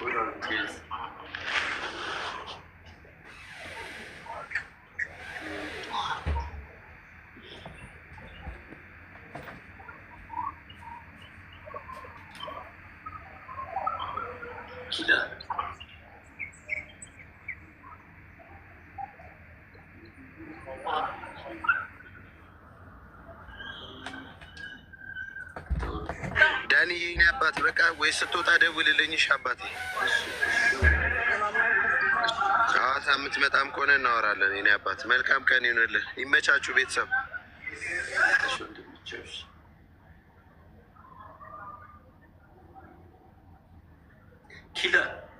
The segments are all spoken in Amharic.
We're gonna እኔ የኔ አባት በቃ ወይ ስትወጣ ደውልልኝ። እሺ አባቴ ጨዋታ የምትመጣም ከሆነ እናወራለን። የኔ አባት መልካም ቀን ይሆንልን። ይመቻችሁ ቤተሰብ። ኪለ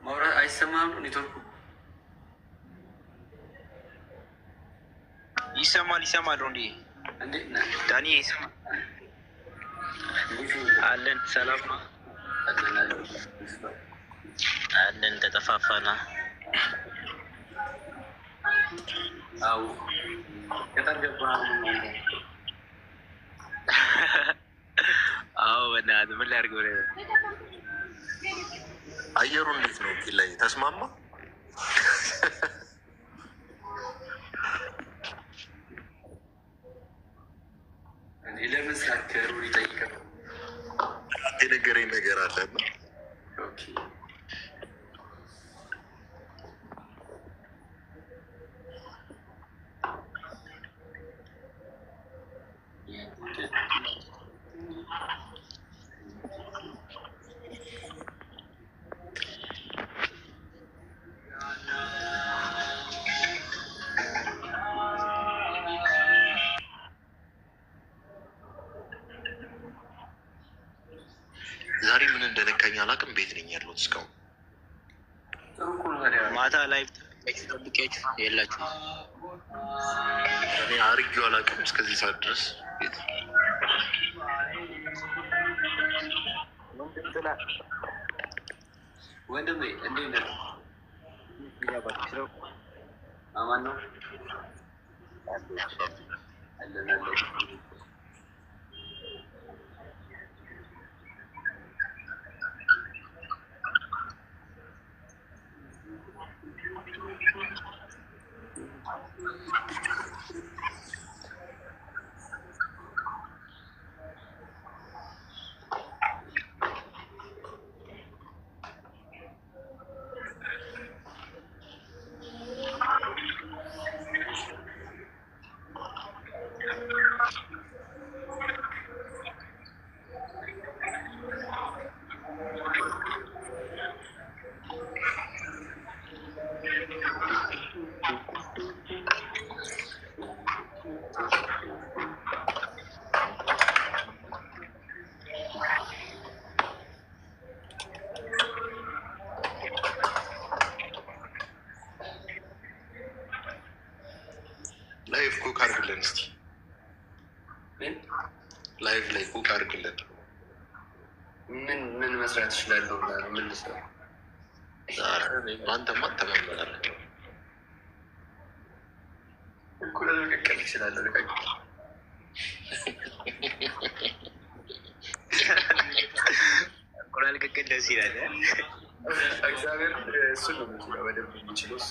ማውራት አይሰማም። ኔትወርኩ ይሰማል ይሰማል። እንዴ ዳኒ ይሰማል አለን ሰላም አለን። ተጠፋፋና አው በእናትህ ምን ላድርግ ብለህ ነው? አየሩ እንዴት ነው? ኪላይ ተስማማ ለምን ሳከሩ ይጠይቀ የነገረኝ ነገር አለ ጠይቀኝ አላውቅም። ቤት ነኝ ያለሁት እስካሁን። ማታ ላይ ጠብቂያችሁ የላችሁም? አርጊ አላውቅም እስከዚህ ሰዓት ድረስ ወንድሜ እንዴት ነህ? አማን ነው። እስኪ ላይቭ ላይ ኩክ አድርግለት። ምን ምን መስራት እችላለሁ? ምን ልስራ? አንተማ ተመመረ እኩለ እንቁላል ቅቅል ደስ ይላል። እግዚአብሔር ነው የሚችለው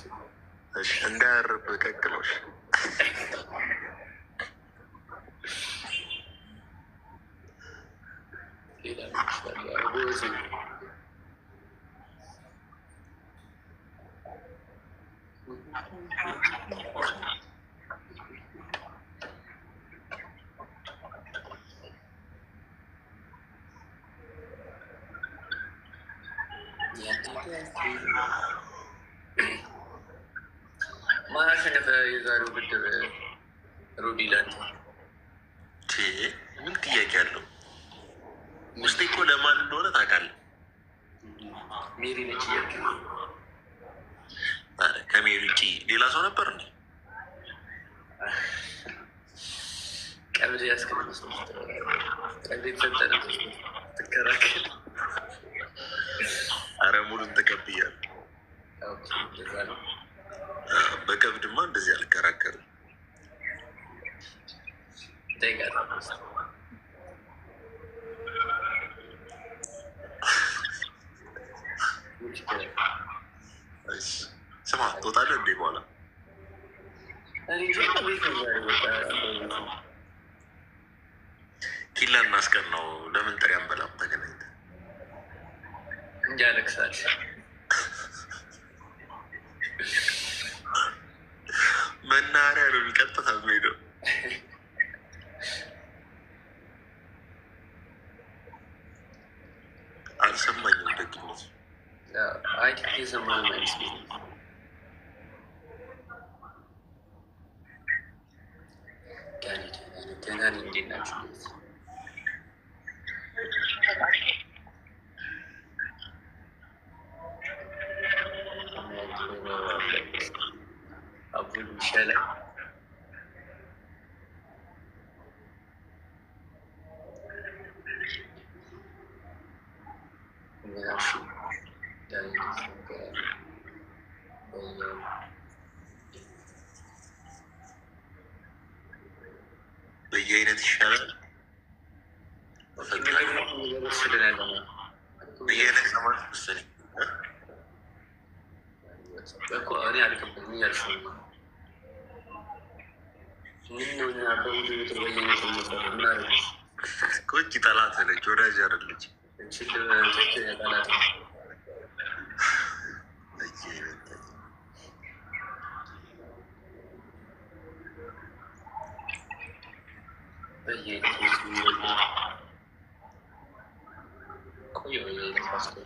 እንዳያርብ ቀቅሎች ማን አሸነፈ? የዛሬው ብድር ሩድ ይላል። ምን ጥያቄ አለው? ውስጤ እኮ ለማን እንደሆነ ታውቃለህ። ሜሪ ነች። ከሜሪ ውጭ ሌላ ሰው ነበር እንዴ? ቀብድ ያስቀምጥ ቀብድ የተሰጠ ትከራከል እንደዛ በከብድማ እንደዚህ አልከራከርም። ስማ ትወጣለህ እንዴ? በኋላ ኪላ እናስቀን ነው። ለምን ጥሪ አንበላም? ተገናኝተን እንጃ ለቅሳል መናሪያ ነው የሚቀጥታ ሄደው አልሰማኝም። ደግነት አይ የሰማኝ አይመስለኝም። እንዴት ናችሁ? Michele. በየአይነት ይሻላል። በየአይነት ለማለት መሰለኝ እኮ እኔ አልቅብኝ ያልሽ ምንኛ ቁጭ ጠላት ነች፣ ወዳጅ አይደለች። ቆይ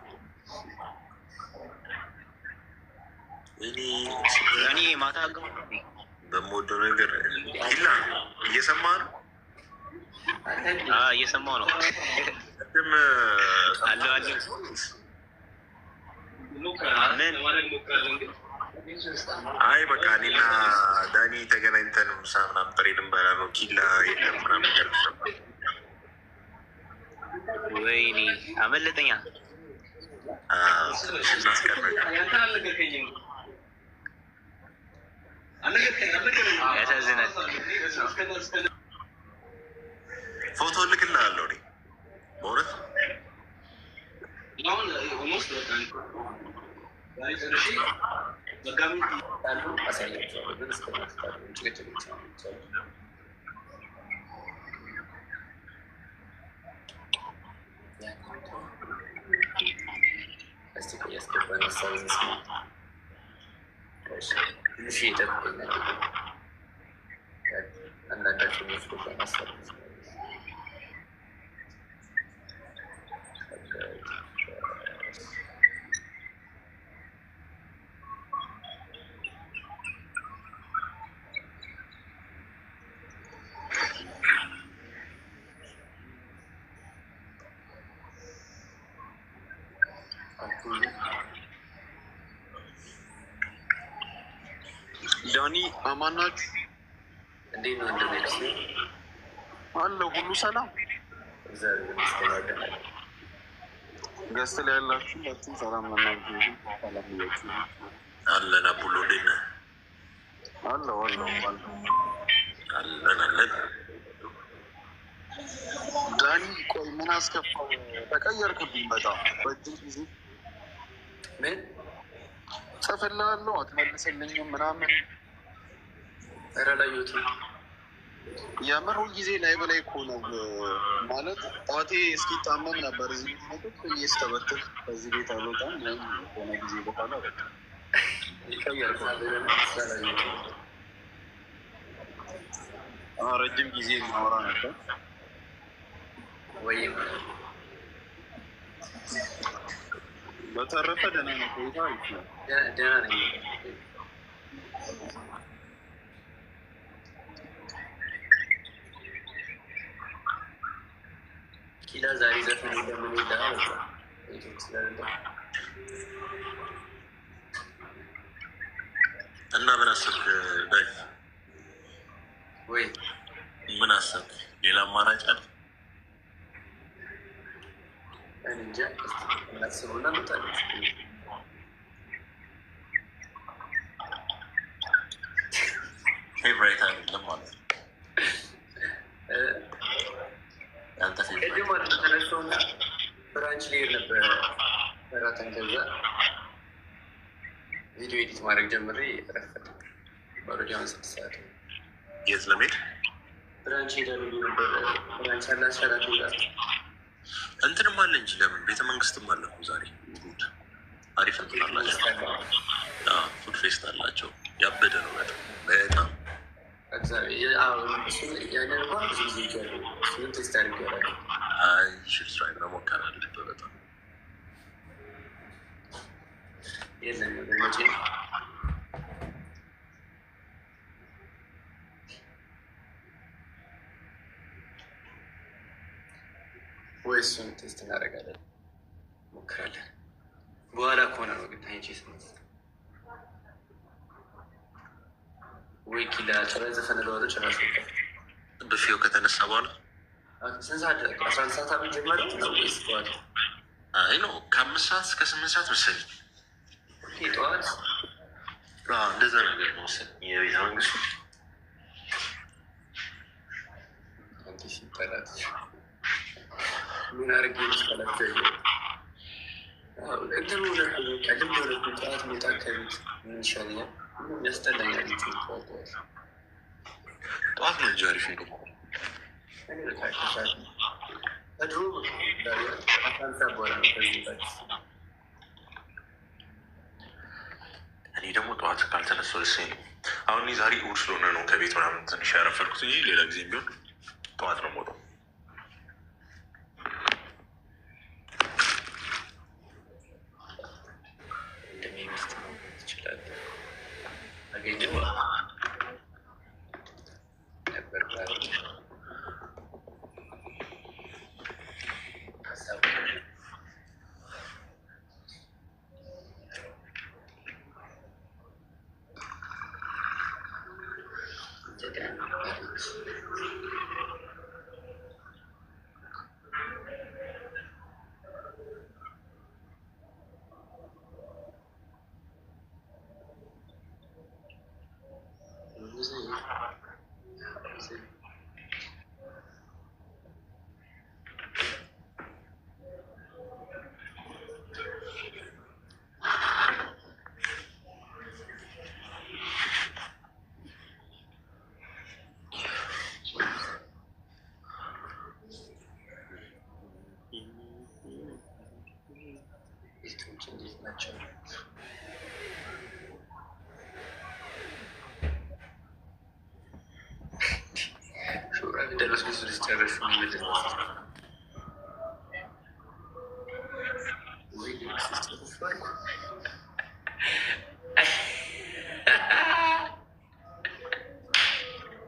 እኔ ማታ በምወደው ነገር ላ እየሰማ ነው እየሰማ ነው። አይ በቃ እኔና ዳኒ ተገናኝተን ምሳ ምናምን ጥሬ ልንበላ ነው። ኪላ የለም ምናምን ገር ወይኔ አመለጠኛ እናስቀረቀ ያሳዝናል። ፎቶ እልክልሃለሁ በእውነት እስቲ مشيت أن أصلا Thank you. ዳኒ አማናችሁ እንዴት ነው? እንደነክስ አለው ሁሉ ሰላም ገስት ላይ ያላችሁ ሁላችሁም ሰላም ናችሁ? ሰላም አለን። አቡሎ አለን አለን። ዳኒ ቆይ ምን አስከፋው? ተቀየርክብኝ በጣም በእጅግ ጊዜ ምን ጽፍልሃለሁ አትመልስልኝም ምናምን ኧረ የምር ሁልጊዜ ላይ በላይ እኮ ነው ማለት ጠዋቴ እስኪታመም ነበር እዚህ ስተበትል ከዚህ ቤት አልወጣም ሆነ ጊዜ በኋላ ይቀየርኩ ረጅም ጊዜ ማወራ ነበር ወይም በተረፈ ደህና ነው ቆይታ ይላል። ዛሬ ዘፈን ለምን ይላ እና ምን አሰብክ? ዳይ ወይ ምን አሰብክ? ሌላ አማራጭ አለ? እንጃ እናስቡና እንውጣለን። ኤዲት ማድረግ ጀምሬ ረፈደ ባሎዲያን ስድስት የት ለመሄድ ብራንች ሄዳሉ ብራንች አላስፈራት ይላል። እንትንም አለ እንጂ ለምን ቤተ መንግስትም አለ እኮ ዛሬ ጉድ አሪፍ እንትን አላቸው። ፉድ ፌስት አላቸው። ያበደ ነው በጣም በጣም ያንን እንኳን ብዙ ጊዜ ይገሉ ስምንት ስታሪ ይገራል ሽልስራይ መሞከር አለበት በጣም የለም ወገኖቼ። ወይ እሱን ቴስት እናደርጋለን ሞክራለን። በኋላ ከሆነ ነው ግን ታይቼ ስመስ ወይ ኪላ ጭራ ዘፈን ለዋለ ጭራ ብፌው ከተነሳ በኋላ ስንት ሰዓት አስራ አንድ ሰዓት ጀመረ ወይስ በኋላ? አይ ነው ከአምስት ሰዓት እስከ ስምንት ሰዓት መሰለኝ ጠዋት እንደዛ ነገር መውሰድ የቤተ መንግስቱ ምን አድርጌ ጠዋት መውጣ ከቤት ምን ነው እኔ ደግሞ ጠዋት ካልተነሳሁ ደስ አይለኝም። አሁን ዛሬ እሑድ ስለሆነ ነው ከቤት ምናምን ትንሽ ያረፈድኩት እንጂ ሌላ ጊዜ ቢሆን ጠዋት ነው የምወጣው ደረስ ብዙ ልጨረስ ሚል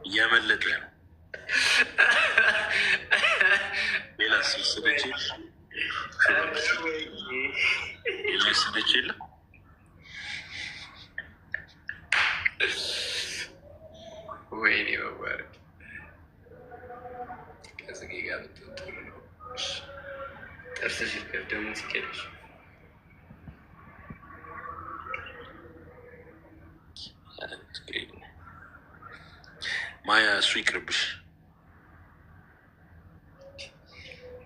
እያመለጠ ነው። ሌላ ስብስበች ሌላ ስደች የለም። ወይኔ መባረክ criar o teu time, mas um se queres. Maia Suicrabes.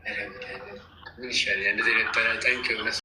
Era, era. Não sei, ainda tenho que parar, tenho que